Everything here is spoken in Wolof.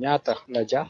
ñaata la jar